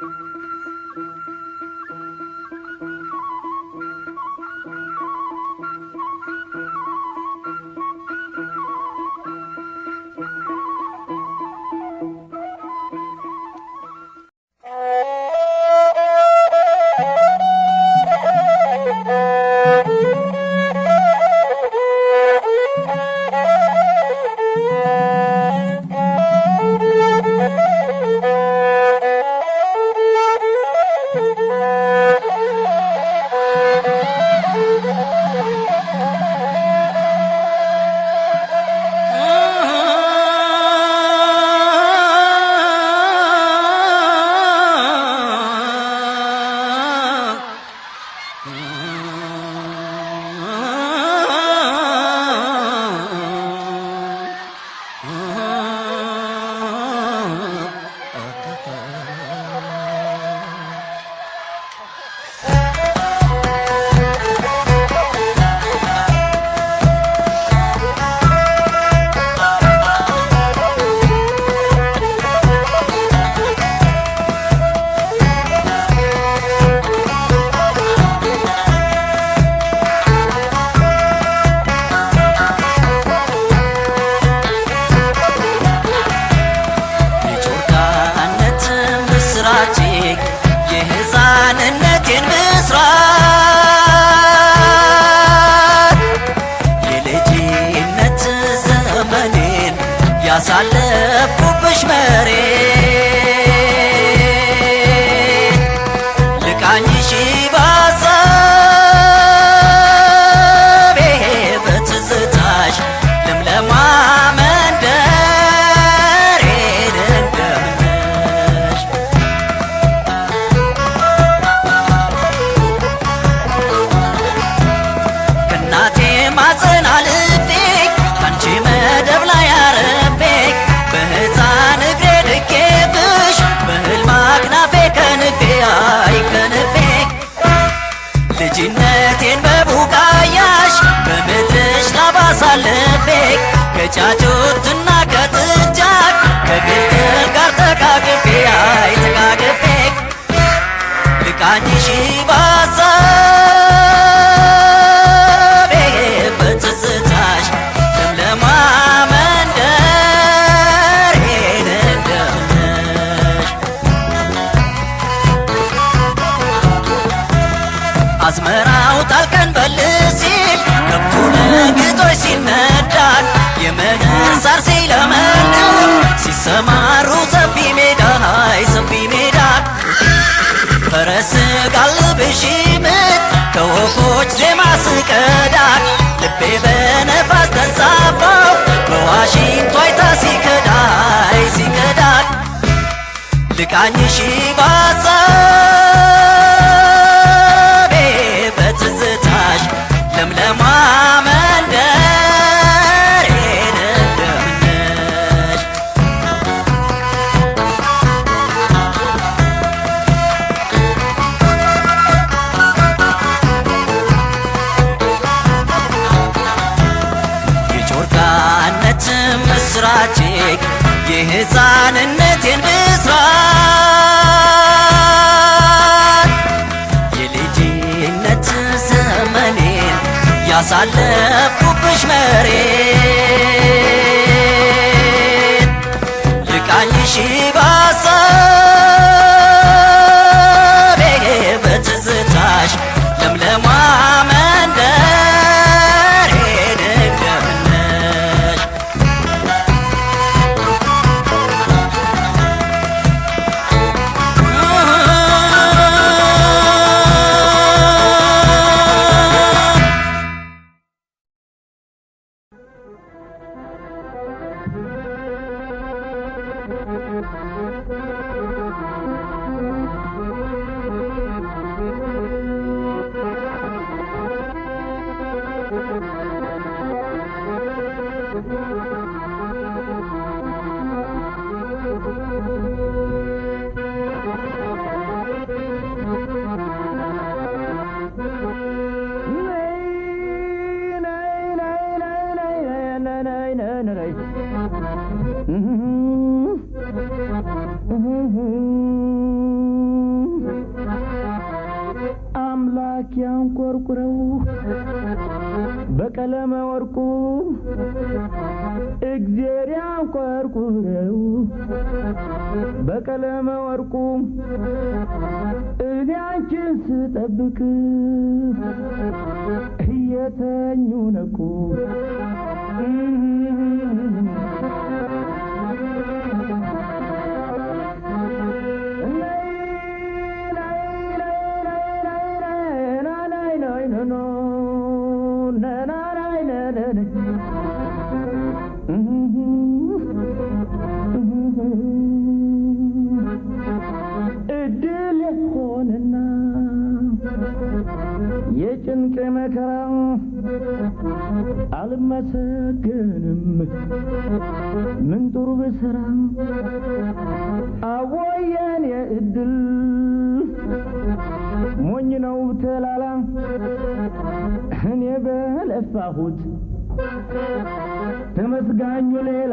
thank you 나는 ጫጩት ትናገጥ ጃክ ከግልገል ጋር ተቃቅፌ አይ ተቃቅፌ ልቃኝሽ ባ ተመልከው ሲሰማሩ ሰፊ ሜዳ ሀይ ሰፊ ሜዳ ፈረስ ጋልብሽ ምት ከወፎች ዜማ ስቀዳ ልቤ በነፋስ ተንሳፋው በዋሽንቷ አይታ ሲከዳይ ሲከዳ ልቃኝሽ ባሳ ሕፃንነቴን ብስራት የልጅነት ዘመኔን ያሳለፍኩብሽ መሬት ልቃኝሽ Thank you. በቀለመ ወርቁ እግዜር ያንኮርኩረው በቀለመ ወርቁ እኔ አንቺን ስጠብቅ እየተኙ ነቁ አልመሰገንም ምን ጥሩ ብሰራ አወየን የእድል ሞኝ ነው ተላላ እኔ በለፋሁት ተመስጋኙ ሌላ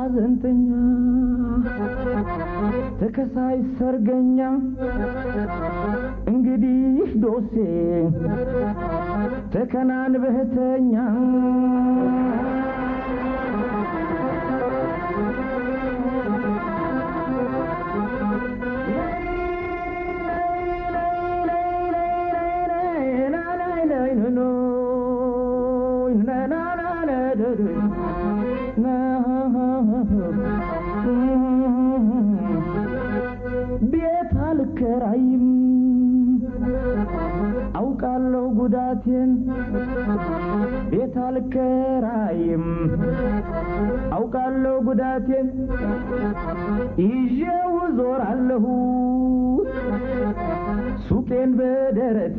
ሐዘንተኛ ተከሳሽ ሰርገኛ እንግዲህ ዶሴ ተከናንበህተኛ Thank you. አውቃለሁ ጉዳቴን ቤት አልከራይም አውቃለሁ ጉዳቴን ይዤው ዞራለሁ ሱቄን በደረቴ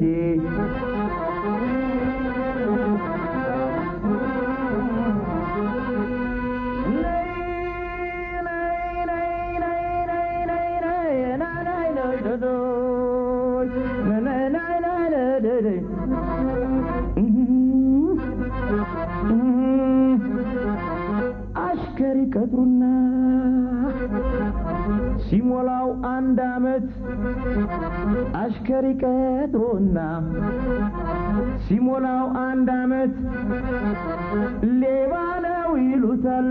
ምድሩና ሲሞላው አንድ አመት አሽከሪ ቀጥሮና ሲሞላው አንድ አመት ሌባ ነው ይሉታል።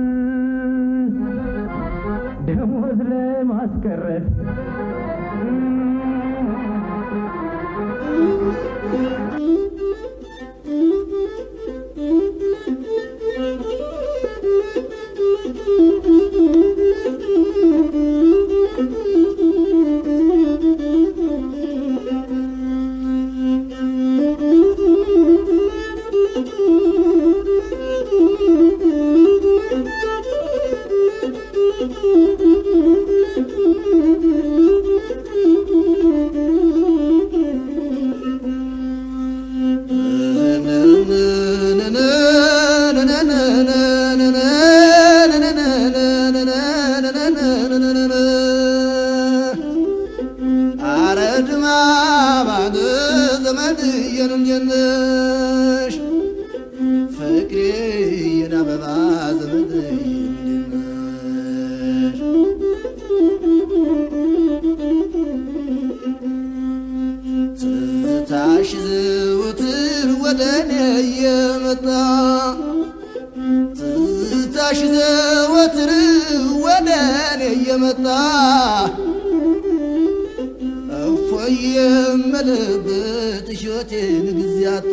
ደሞዝ ለማስቀረት ما بعد الزمن ينجنش فكري نبضع زمن ينجنش ትዝታሽ ዘውትር ወደኔ የመጣ ትዝታሽ ዘወትር ወደኔ የመጣ የምልበት እሾቴን ጊዜ አጣ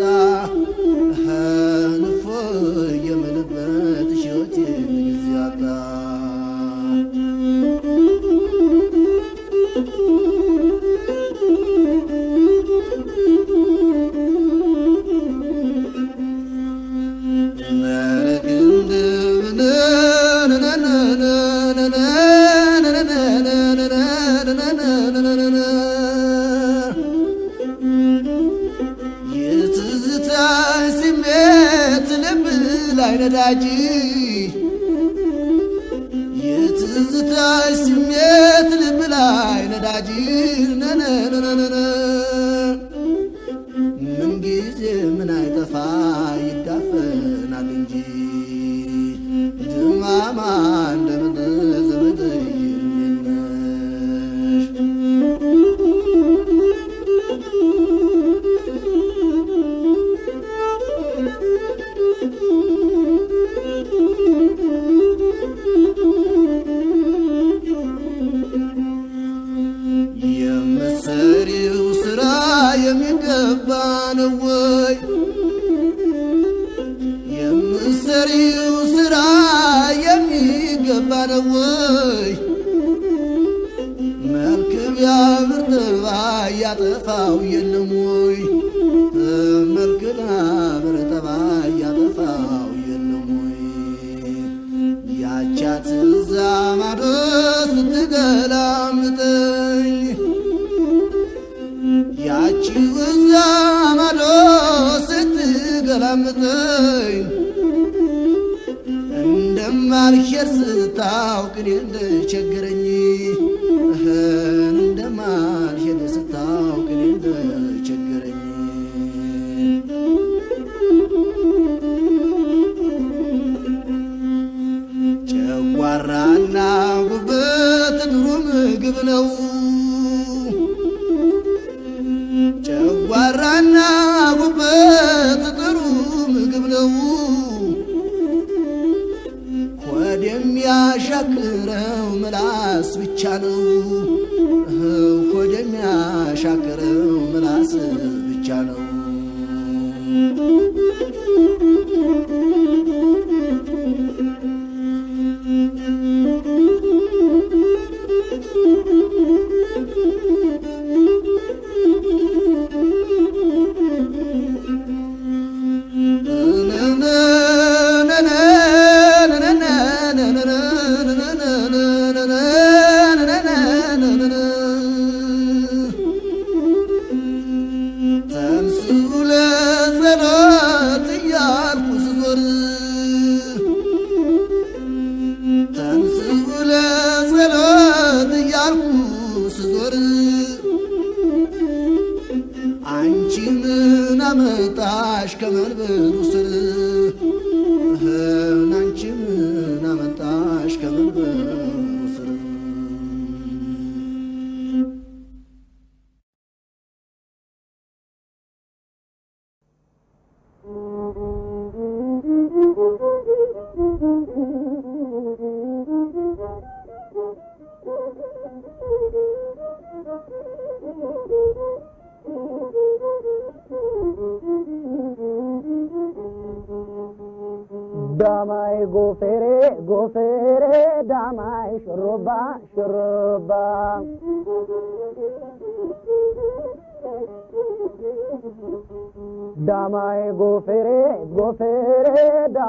እንደማልሄድ ስታውቅ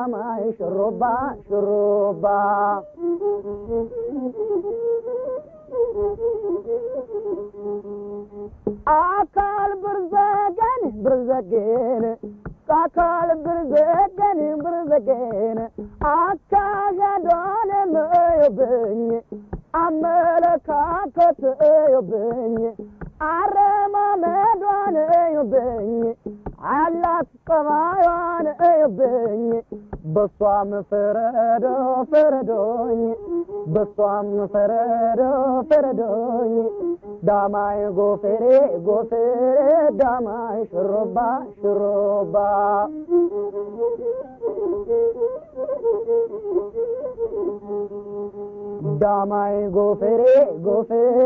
ama şuruba şuruba. Akal bir zegen bir zegen Akal bir zegen bir zegen Akkaja dönem öyle beni Amerika kötü አረማመዷን እዩብኝ፣ አላት ጠባዩን እዩብኝ፣ በሷም ፍረዶ ፍረዶኝ፣ በሷም ፍረዶ ፍረዶኝ። ዳማይ ጎፈሬ ጎፈሬ ዳማይ ሽሮባ ሽሮባ ዳማይ ጎፈሬ ጎፈሬ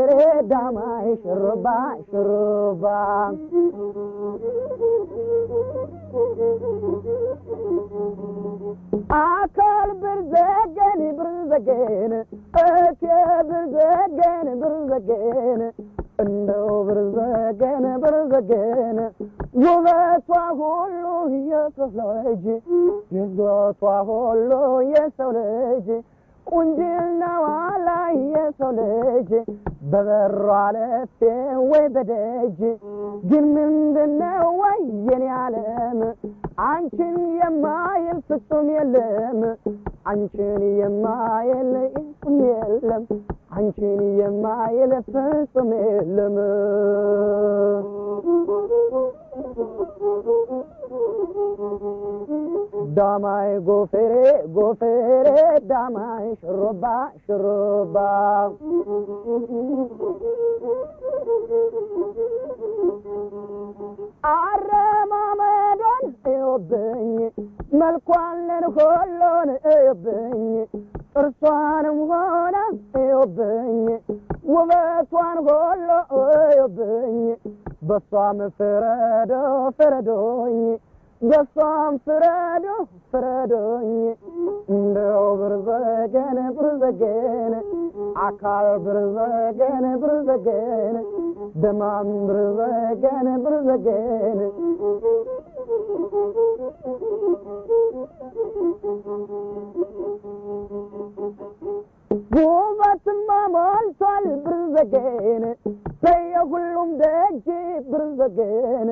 ዳማይ ሽሩባ ሽሩባ አካል ብርዘገን ብርዘገን እቴ ብርዘገን ብርዘገን እንደው ብርዘገን ብርዘገን ውበቷ ሁሉ የሰው ልጅ ይዞቷ ሁሉ የሰው ልጅ ቁንጅናዋ ላይ የሰው ልጅ በበሯ አለፌ ወይ በደጅ ግን ምንድነው ወይ የኔ ዓለም አንቺን የማይል ፍጹም የለም አንቺን የማይል ፍጹም የለም አንቺን የማይል ፍጹም የለም ዳማይ ጎፈሬ ጎፈሬ ዳማይ ሽሩባ ሽሩባ አረማመዷን እዩብኝ መልኳንን ሁሉን እዩብኝ ጥርሷንም ሆነ እዩብኝ ውበቷን ሁሉ እዩብኝ በሷም ፍረዶ ፍረዶኝ በሷም ፍረዶ ፍረዶኝ እንደው ብርዘገን ብርዘገን አካል ብርዘገን ብርዘገን ደማም ብርዘገን ብርዘገን ውበትማ ማልቷል ብርዘገን በየሁሉም ደጅ ብርዘገን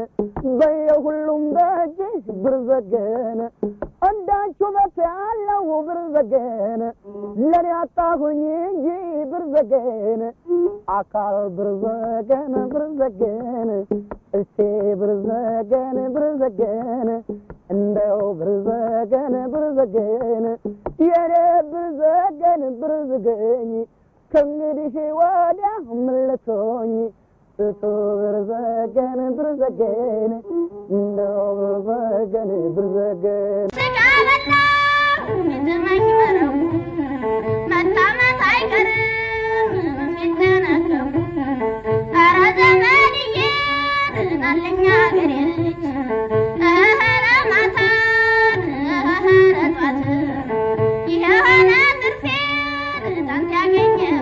በየሁሉም ደጅሽ ብርዘገን እንዳንቺ ውበት ያለው ብርዘገን ለኔ አጣሁኝ እንጂ ብርዘገን አካል ብርዘገን ብርዘገን እሴ ብርዘገን ብርዘገን እንደው ብርዘገን ብርዘገን የኔ ብርዘገን ብርዘገን አድርገኝ ከእንግዲህ ወዲያ ምልሶኝ እሱ ብርዘገን ብርዘገን እንደው ብርዘገን ብርዘገን መታመት አይቀርም የሚደነገቡ ኧረ ዘመድዬ ናለኛ ሀገሬ ልጅ እህረ ማታን እህረ ጧት ይሆነ 咱家给你。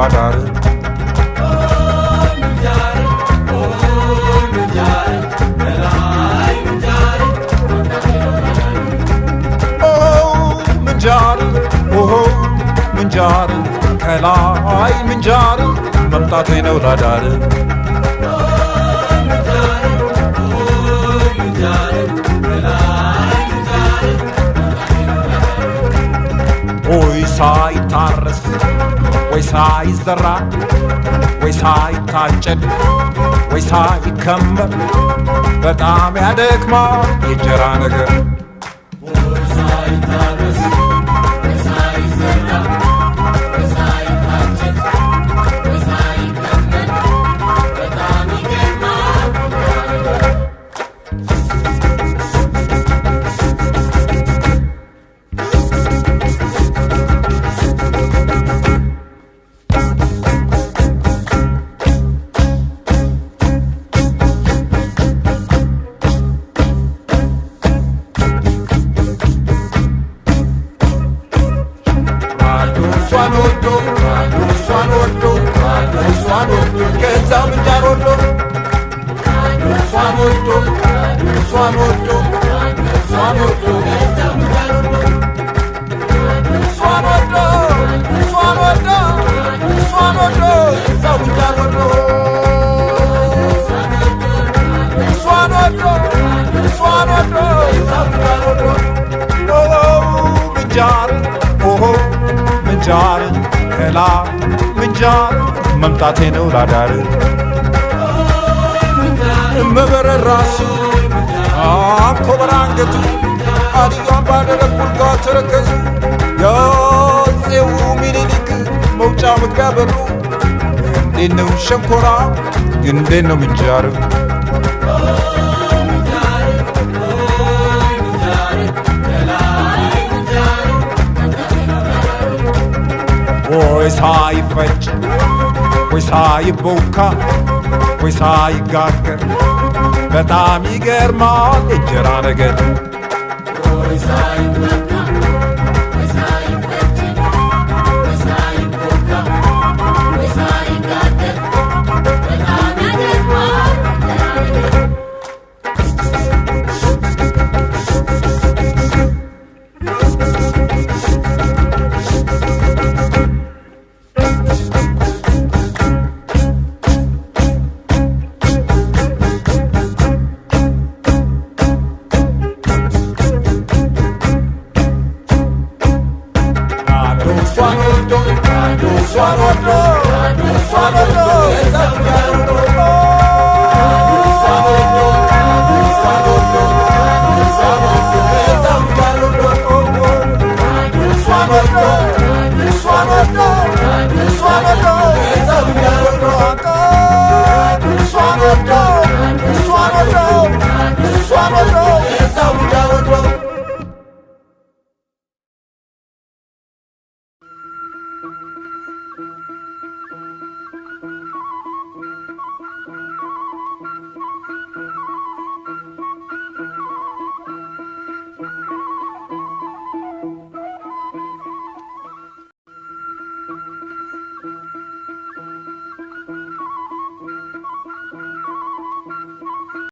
badar ምንጃር ኦሆ ምንጃር ከላይ ምንጃር መምጣቴ ነው ላዳር ሆይ ሳይታረስ ወይ ሳይዘራ ወይ ሳይታጨድ ወይ ሳይከመር በጣም ያደክማ የእንጀራ ነገር ሌላ ምንጃ መምጣቴ ነው ላዳር መበረር ራሱ ኮበራ አንገቱ አድዋን ባደረግ ቁልጋ ተረከዙ የአፄው ሚኒሊክ መውጫ መግቢያ በሩ እንዴት ነው ሸንኮራ እንዴት ነው ምንጃር ወይ ሳይፈጭ ወይ ሳይቦካ ወይ ሳይጋገር በጣም ይገርማል እንጀራ ነገር